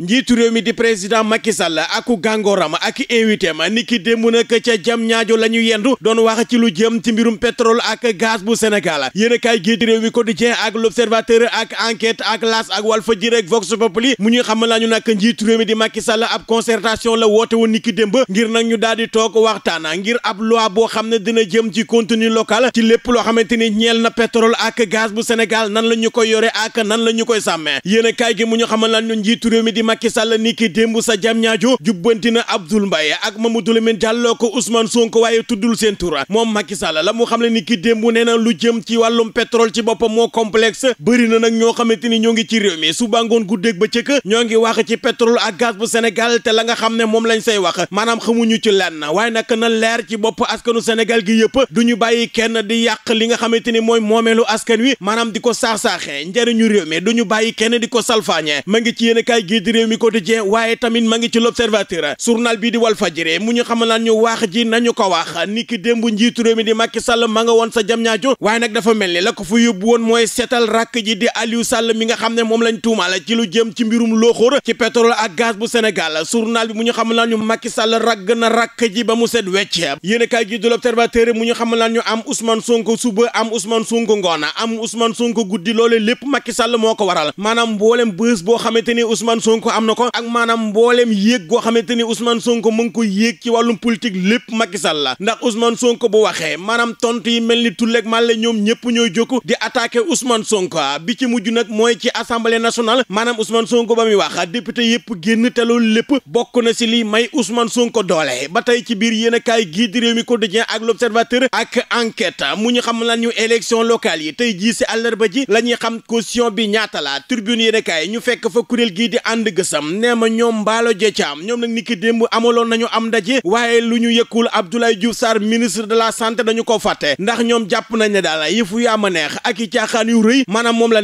njiitu réew mi di président Macky Sall ak gàngooram ak invité a ni ki démb nag ca jam ñaajo la ñu yendu doon wax ci lu jëm ci mbirum pétrole ak gaz bu Sénégal yéen a kaay gii di réew mi quotidien ak l'observateur ak enquête ak las ak Walfadjri ak Vox Populi mu ñuy xamal nañu nag njiitu réew mi di Macky Sall ab concertation la woote woon ni ki démb ngir nag ñu daal di toog waxtaan ngir ab loi boo xam ne dina jëm ci continu local ci lépp loo xamante ni ñeel na pétrole ak gaz bu Sénégal nan la ñu koy yore ak nan la ñu koy sàmmee yéen a kaay gi mu ñu xamal nañu Macky Sall ni ki démb sa jam ñaajo jubbanti na Abdoul Mbaye ak Mamadou Lamine Diallo ko Ousmane Sonko waaye tuddul seen tura moom Macky Sall la mu xam le ni ki démb nee na lu jëm ci wàllum pétrole ci boppam moo complexe bëri na nag ñoo xamante ni ñoo ngi ci réew mi suba ngoon guddeeg ba cëkk ñoo ngi wax ci pétrole ak gaz bu Sénégal te la nga xam ne moom lañ say wax maanaam xamuñu ci lenn waaye nag na leer ci bopp askanu Sénégal gi yëpp du ñu bàyyi kenn di yàq li nga xamante ni mooy moomeelu askan wi maanaam di ko saax-saaxee njëriñu ñu ma ngi réew mi quotidien waaye tamit ma ngi ci l'observateur journal bii di Walfadjri mu ñu xamal naan wax ji nañu ko wax ni démb njiitu mi di Macky Sall ma nga woon sa jam ñaajo waaye nag dafa mel ni la ko fa yóbbu woon mooy seetal rakk ji di Aliou Sall mi nga xam ne moom lañ tuumaal ci lu jëm ci mbirum looxóor ci pétrole ak gaz bu Sénégal journal bi mu ñu xamal naan ñu Macky Sall ragg na rakk ji ba mu set wecc yéen a kaay gi di l'observateur mu ñu xamal naan ñu am Ousmane Sonko suba am Ousmane Sonko ngoon am Ousmane Sonko guddi loole lépp Macky Sall moo ko waral maanaam mboolem bës boo Sonko am na ko ak maanaam mbooleem yéeg goo xamante ni Ousmane son mu ngi ko yéeg ci wàllum politique lépp Macky Sall la ndax son Sonko bu waxee maanaam tontu yi mel ni tulleeg màlle ñoom ñëpp ñooy jóg di attaqué Ousmane Sonko bi ci mujj nag mooy ci assemblée nationale maanaam Ousmane Sonko ba muy wax député yëpp génn te loolu lépp bokk na si lii may Ousmane Sonko doole ba tey ci biir yéen gii di réew mi quotidien ak l'observateur ak enquête mu ñu xam lan ñu élection locale yi tey jii si àllarba ji la ñuy xam caution bi ñaata la tribune ànd gësam nee ma ñoom mbaalo jecaam ñoom nag niki démb amaloon nañu am ndaje waaye lu ñu yëkkul Abdoulaye Diouf Sarr ministre de la santé dañu ko fàtte ndax ñoom jàpp nañ ne daal yëfu yaa ma neex ak i caaxaan yu rëy maanaam moom la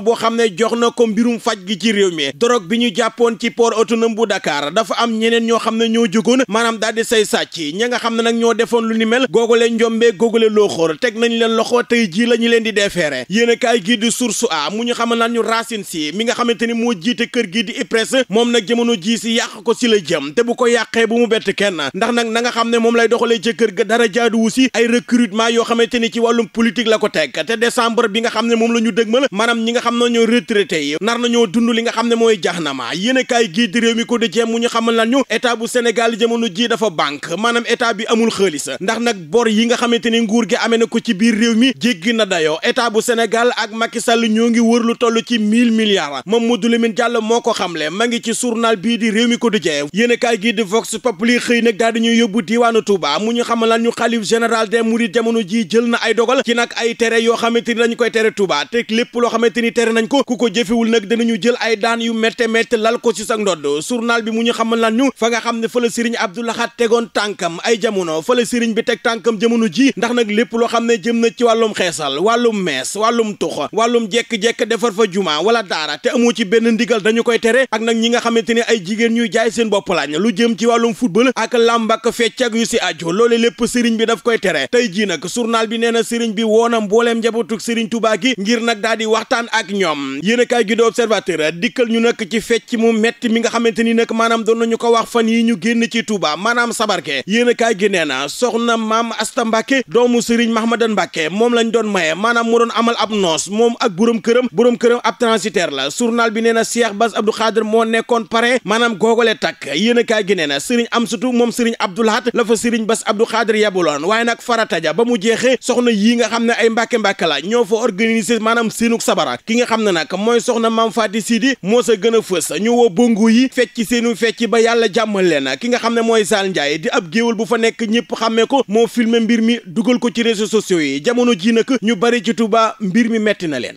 boo xam ne jox na ko mbirum gi ci réew mi drogue bi ñu jàppoon ci port autonome bu Dakar dafa am ñeneen ñoo xam ne ñoo jógoon maanaam daal di say sàcc ña nga xam ne nag ñoo defoon lu ni mel googule njombee googule looxóor teg nañ leen loxo tey jii la ñu leen di defeere yéen a kaay gii di source a mu ñu xamal naan ñu racine si mi nga xamante xamante ni moo jiite kër gii di IPRES moom nag jamono jii si yàq ko si la jëm te bu ko yàqee bu mu bett kenn ndax nag na nga xam ne moom lay doxalee ca kër ga dara jaaduwu si ay recrutement yoo xamante ni ci wàllum politique la ko teg te décembre bi nga xam ne moom la ñu dëgmal maanaam ñi nga xam ne ñoo retraité yi nar nañoo dund li nga xam ne mooy jaxnama yéen a kaay gii di réew mi ko dëjee mu ñu xam lan ñu état bu Sénégal jamono ji dafa banque maanaam état bi amul xaalis ndax nag bor yi nga xamante ni nguur gi amee na ko ci biir réew mi jéggi na dayoo état bu Sénégal ak Macky Sall ñoo ngi wër lu toll ci mille milliards Mamadou Lamine Diallo moo ko xamle ma ngi ci journal bii di Rewmi Quotidien yéenekaay gii di Vox Populi xëy nag daal ñuy yóbbu diiwaanu Touba mu ñu xamalaan ñu xalif général des Mourides jamono ji jël na ay dogal ci nag ay tere yoo xamante ni dañu koy tere Touba te lépp loo xamante ni tere nañ ko ku ko jëfewul nag danañu jël ay daan yu métte métte lal ko ci sa ndodd journal bi mu ñu xamalaan ñu fa nga xam ne fa la Serigne Abdou Lahad tegoon tànkam ay jamono fa la Serigne bi teg tànkam jamono ndax nag lépp loo xam ne jëm na ci wàllum xeesal wàllum mees wàllum tux wàllum jekk-jekk defar fa juma wala daara te benn ndigal dañu koy tere ak nag ñi nga xamante ne ay jigéen ñuy jaay seen bopp lañ lu jëm ci wàllum football ak làmb ak fecc ak yu si aju loole lépp sëriñ bi daf koy tere tey jii nag journal bi neena na sëriñ bi woonam mbooleem njabootug sëriñ Tuubaa gi ngir nag daal di waxtaan ak ñoom yéen a kaay gi de observateur dikkal ñu nag ci fecc mu metti mi nga xamante ni nag maanaam doon nañu ko wax fan yi ñu génn ci Tuubaa maanaam sabarke yéen a kaay gi nee na soxna maam Asta Mbàkke doomu sëriñ Mahmadan Mbàkke moom lañ doon maye maanaam mu doon amal ab noos moom ak borom këram borom këram ab transitaire la bi nee na Cheikh Bass Abdou moo nekkoon pare maanaam googale takk yéen a kaay gi nee na Serigne Amsatou moom Serigne Abdou Lahad la fa Serigne Bass Abdou Khadre yebuloon waaye nag farata ja ba mu jeexee soxna yii nga xam ne ay mbàkke-mbàkke laa ñoo fa organiser maanaam seenuk sabara ki nga xam ne nag mooy soxna Mame Faty Sidi moo sa gën a fës ñu woo bongo yi fecc seenu fecc ba yàlla jàmmal leen ki nga xam ne mooy Sall Ndiaye di ab géewal bu fa nekk ñëpp xammee ko moo filmer mbir mi dugal ko ci réseaux sociaux yi jamono ji nag ñu bari ci Touba mbir mi metti na leen